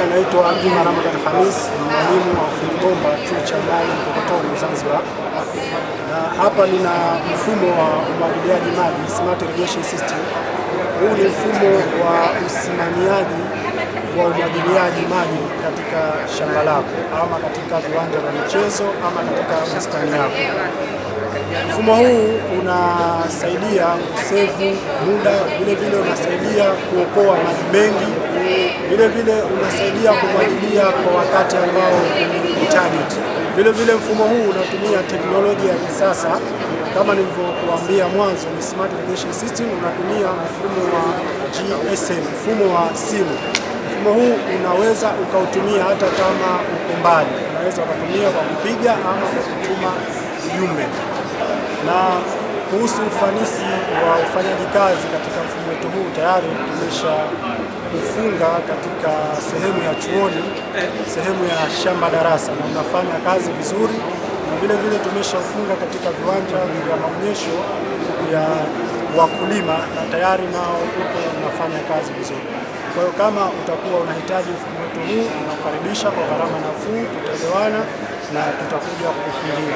majina anaitwa Juma Ramadan Hamis, ni mwalimu wa ufundi bomba chuo cha ndani Mkokotoni Zanzibar, na hapa nina mfumo wa umwagiliaji maji smart irrigation system. Huu ni mfumo wa usimamiaji wa umwagiliaji maji katika shamba lako ama katika viwanja vya michezo ama katika bustani yako. Mfumo huu unasaidia kusevu muda, vile vile unasaidia kuokoa maji mengi, vile vile unasaidia kumwagilia kwa wakati ambao unahitaji. Vile vile mfumo huu unatumia teknolojia ya kisasa kama nilivyokuambia mwanzo, ni smart irrigation system, unatumia mfumo wa GSM, mfumo wa simu. Mfumo huu unaweza ukautumia hata kama uko mbali, unaweza ukatumia kwa kupiga ama kwa kutuma ujumbe na kuhusu ufanisi wa ufanyaji kazi katika mfumo wetu huu, tayari tumesha kufunga katika sehemu ya chuoni, sehemu ya shamba darasa, na unafanya kazi vizuri, na vile vile tumeshafunga katika viwanja vya maonyesho ya wakulima, na tayari nao huko unafanya kazi vizuri. Kwa hiyo kama utakuwa unahitaji mfumo wetu huu, unakaribisha kwa gharama nafuu, tutaelewana na tutakuja kukufungia.